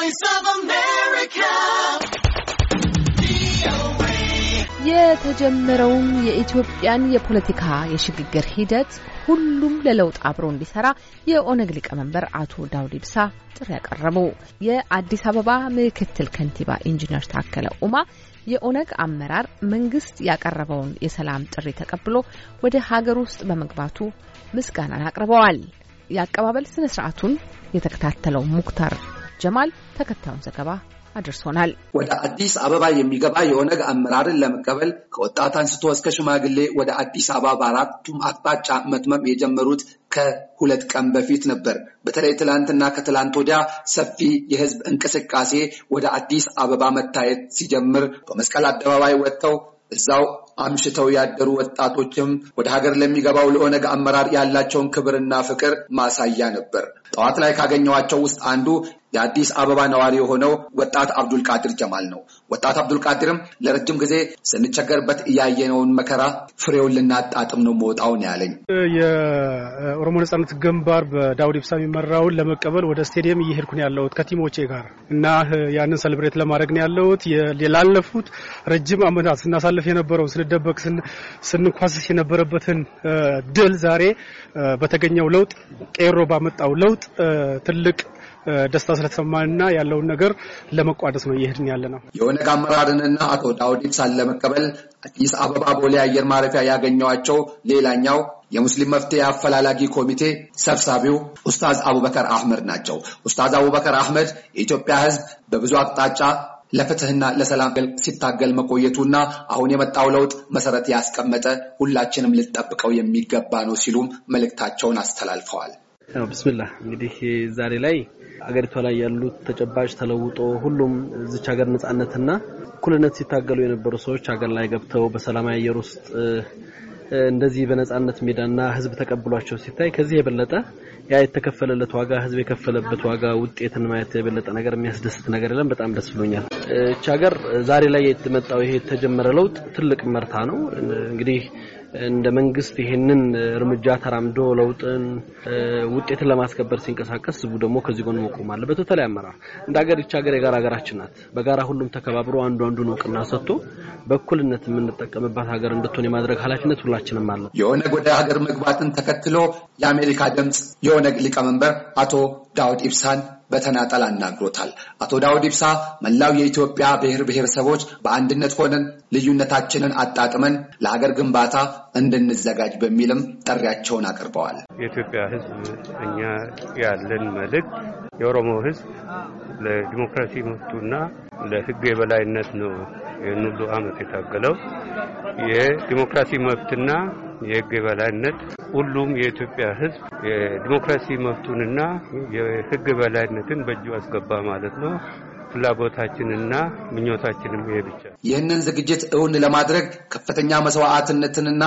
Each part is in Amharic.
Voice የተጀመረውን የኢትዮጵያን የፖለቲካ የሽግግር ሂደት ሁሉም ለለውጥ አብሮ እንዲሰራ የኦነግ ሊቀመንበር አቶ ዳውድ ኢብሳ ጥሪ ያቀረቡ፣ የአዲስ አበባ ምክትል ከንቲባ ኢንጂነር ታከለ ኡማ የኦነግ አመራር መንግስት ያቀረበውን የሰላም ጥሪ ተቀብሎ ወደ ሀገር ውስጥ በመግባቱ ምስጋናን አቅርበዋል። የአቀባበል ስነ ስርዓቱን የተከታተለው ሙክታር ጀማል ተከታዩን ዘገባ አድርሶናል። ወደ አዲስ አበባ የሚገባ የኦነግ አመራርን ለመቀበል ከወጣት አንስቶ እስከ ሽማግሌ ወደ አዲስ አበባ በአራቱም አቅጣጫ መትመም የጀመሩት ከሁለት ቀን በፊት ነበር። በተለይ ትላንትና ከትላንት ወዲያ ሰፊ የህዝብ እንቅስቃሴ ወደ አዲስ አበባ መታየት ሲጀምር በመስቀል አደባባይ ወጥተው እዛው አምሽተው ያደሩ ወጣቶችም ወደ ሀገር ለሚገባው ለኦነግ አመራር ያላቸውን ክብርና ፍቅር ማሳያ ነበር። ጠዋት ላይ ካገኘኋቸው ውስጥ አንዱ የአዲስ አበባ ነዋሪ የሆነው ወጣት አብዱልቃድር ጀማል ነው። ወጣት አብዱልቃድርም ለረጅም ጊዜ ስንቸገርበት እያየነውን መከራ ፍሬውን ልናጣጥም ነው መውጣው ያለኝ። የኦሮሞ ነጻነት ግንባር በዳውድ ኢብሳ የሚመራውን ለመቀበል ወደ ስቴዲየም እየሄድኩ ነው ያለሁት ከቲሞቼ ጋር እና ያንን ሰልብሬት ለማድረግ ነው ያለሁት። ላለፉት ረጅም ዓመታት ስናሳልፍ የነበረው ስንደበቅ፣ ስንኳስስ የነበረበትን ድል ዛሬ በተገኘው ለውጥ ቄሮ ባመጣው ለውጥ ትልቅ ደስታ ስለተሰማንና ያለውን ነገር ለመቋደስ ነው እየሄድን ያለ ነው። የኦነግ አመራርንና አቶ ዳውድ ኢብሳን ለመቀበል አዲስ አበባ ቦሌ አየር ማረፊያ ያገኘዋቸው ሌላኛው የሙስሊም መፍትሄ አፈላላጊ ኮሚቴ ሰብሳቢው ኡስታዝ አቡበከር አህመድ ናቸው። ኡስታዝ አቡበከር አህመድ የኢትዮጵያ ሕዝብ በብዙ አቅጣጫ ለፍትህና ለሰላም ሲታገል መቆየቱና አሁን የመጣው ለውጥ መሰረት ያስቀመጠ ሁላችንም ልጠብቀው የሚገባ ነው ሲሉም መልእክታቸውን አስተላልፈዋል። ብስምላህ እንግዲህ ዛሬ ላይ አገሪቷ ላይ ያሉት ተጨባጭ ተለውጦ ሁሉም እዚች ሀገር ነጻነትና እኩልነት ሲታገሉ የነበሩ ሰዎች ሀገር ላይ ገብተው በሰላማዊ አየር ውስጥ እንደዚህ በነጻነት ሜዳና ህዝብ ተቀብሏቸው ሲታይ ከዚህ የበለጠ ያ የተከፈለለት ዋጋ ህዝብ የከፈለበት ዋጋ ውጤትን ማየት የበለጠ ነገር የሚያስደስት ነገር የለም። በጣም ደስ ብሎኛል። እች ሀገር ዛሬ ላይ የተመጣው ይሄ የተጀመረ ለውጥ ትልቅ መርታ ነው። እንግዲህ እንደ መንግስት ይሄንን እርምጃ ተራምዶ ለውጥን ውጤትን ለማስከበር ሲንቀሳቀስ ህዝቡ ደግሞ ከዚህ ጎን መቆም አለበት። በተለይ አመራር እንደ ሀገር ሀገር የጋራ ሀገራችን ናት። በጋራ ሁሉም ተከባብሮ አንዱ አንዱን እውቅና ሰጥቶ በእኩልነት የምንጠቀምባት ሀገር እንድትሆን የማድረግ ኃላፊነት ሁላችንም አለ። የኦነግ ወደ ሀገር መግባትን ተከትሎ የአሜሪካ ድምፅ የኦነግ ሊቀመንበር አቶ ዳውድ ኢብሳን በተናጠል አናግሮታል። አቶ ዳውድ ኢብሳ መላው የኢትዮጵያ ብሔር ብሔረሰቦች በአንድነት ሆነን ልዩነታችንን አጣጥመን ለሀገር ግንባታ እንድንዘጋጅ በሚልም ጥሪያቸውን አቅርበዋል። የኢትዮጵያ ሕዝብ እኛ ያለን መልእክት የኦሮሞ ሕዝብ ለዲሞክራሲ መብቱና ለሕግ የበላይነት ነው ይህን ሁሉ ዓመት የታገለው የዲሞክራሲ መብትና የህግ የበላይነት ሁሉም የኢትዮጵያ ህዝብ የዲሞክራሲ መብቱንና የህግ የበላይነትን በእጁ አስገባ ማለት ነው። ፍላጎታችንና ምኞታችንም ይሄ ብቻ። ይህንን ዝግጅት እውን ለማድረግ ከፍተኛ መስዋዕትነትንና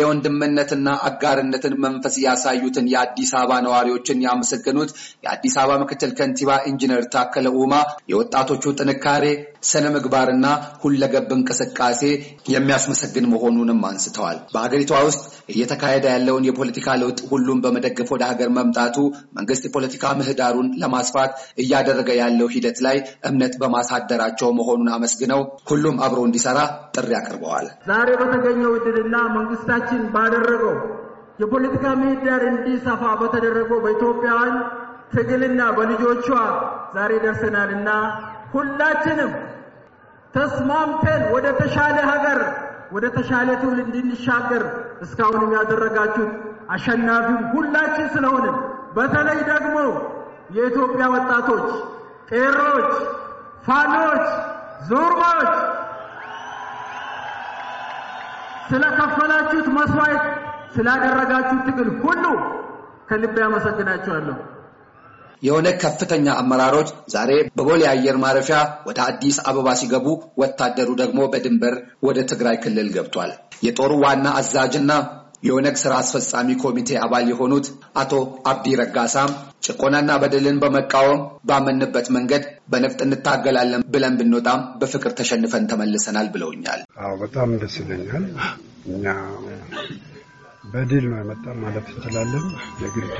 የወንድምነትና አጋርነትን መንፈስ ያሳዩትን የአዲስ አበባ ነዋሪዎችን ያመሰገኑት የአዲስ አበባ ምክትል ከንቲባ ኢንጂነር ታከለ ኡማ የወጣቶቹ ጥንካሬ ስነ ምግባርና ሁለገብ እንቅስቃሴ የሚያስመሰግን መሆኑንም አንስተዋል። በሀገሪቷ ውስጥ እየተካሄደ ያለውን የፖለቲካ ለውጥ ሁሉም በመደገፍ ወደ ሀገር መምጣቱ መንግስት የፖለቲካ ምህዳሩን ለማስፋት እያደረገ ያለው ሂደት ላይ እምነት በማሳደራቸው መሆኑን አመስግነው ሁሉም አብሮ እንዲሰራ ጥሪ አቅርበዋል። ዛሬ በተገኘው እድልና መንግስታችን ባደረገው የፖለቲካ ምህዳር እንዲሰፋ በተደረገው በኢትዮጵያውያን ትግልና በልጆቿ ዛሬ ደርሰናልና ሁላችንም ተስማምተን ወደ ተሻለ ሀገር ወደ ተሻለ ትውልድ እንድንሻገር እስካሁንም ያደረጋችሁት አሸናፊው ሁላችን ስለሆነ በተለይ ደግሞ የኢትዮጵያ ወጣቶች፣ ቄሮች፣ ፋኖች፣ ዞርማዎች ስለከፈላችሁት መስዋዕት ስላደረጋችሁት ትግል ሁሉ ከልቤ አመሰግናችኋለሁ። የኦነግ ከፍተኛ አመራሮች ዛሬ በቦሌ አየር ማረፊያ ወደ አዲስ አበባ ሲገቡ፣ ወታደሩ ደግሞ በድንበር ወደ ትግራይ ክልል ገብቷል። የጦሩ ዋና አዛዥና የኦነግ ስራ አስፈጻሚ ኮሚቴ አባል የሆኑት አቶ አብዲ ረጋሳም ጭቆናና በደልን በመቃወም ባመንበት መንገድ በነፍጥ እንታገላለን ብለን ብንወጣም በፍቅር ተሸንፈን ተመልሰናል ብለውኛል። አዎ በጣም ደስ ይለኛል። እኛ በድል ነው የመጣ ማለት እንችላለን። የግድ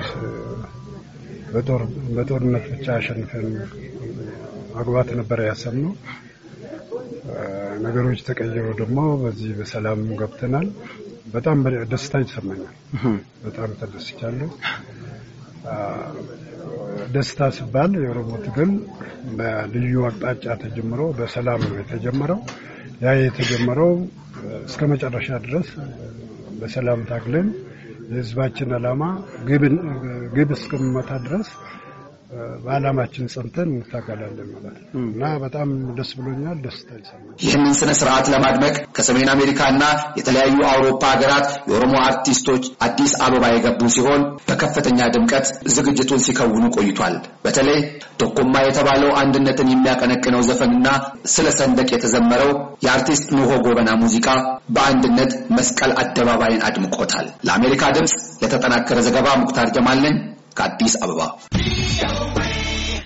በጦርነት ብቻ አሸንፈን መግባት ነበረ ያሰብነው። ነገሮች ተቀይሮ ደግሞ በዚህ በሰላም ገብተናል። በጣም ደስታ ይሰማኛል። በጣም ተደስቻለሁ። ደስታ ሲባል የኦሮሞ ትግል በልዩ አቅጣጫ ተጀምሮ በሰላም ነው የተጀመረው። ያ የተጀመረው እስከ መጨረሻ ድረስ በሰላም ታግለን የህዝባችን ዓላማ ግብ እስከሚመታ ድረስ በዓላማችን ጸንተን እንታገላለን ማለት ነው እና በጣም ደስ ብሎኛል። ደስታ ይሰማል። ይህንን ስነ ስርዓት ለማድመቅ ከሰሜን አሜሪካና የተለያዩ አውሮፓ ሀገራት የኦሮሞ አርቲስቶች አዲስ አበባ የገቡ ሲሆን በከፍተኛ ድምቀት ዝግጅቱን ሲከውኑ ቆይቷል። በተለይ ቶኮማ የተባለው አንድነትን የሚያቀነቅነው ዘፈንና ስለ ሰንደቅ የተዘመረው የአርቲስት ኑሆ ጎበና ሙዚቃ በአንድነት መስቀል አደባባይን አድምቆታል። ለአሜሪካ ድምፅ ለተጠናከረ ዘገባ ሙክታር ጀማል ነኝ። ከአዲስ አበባ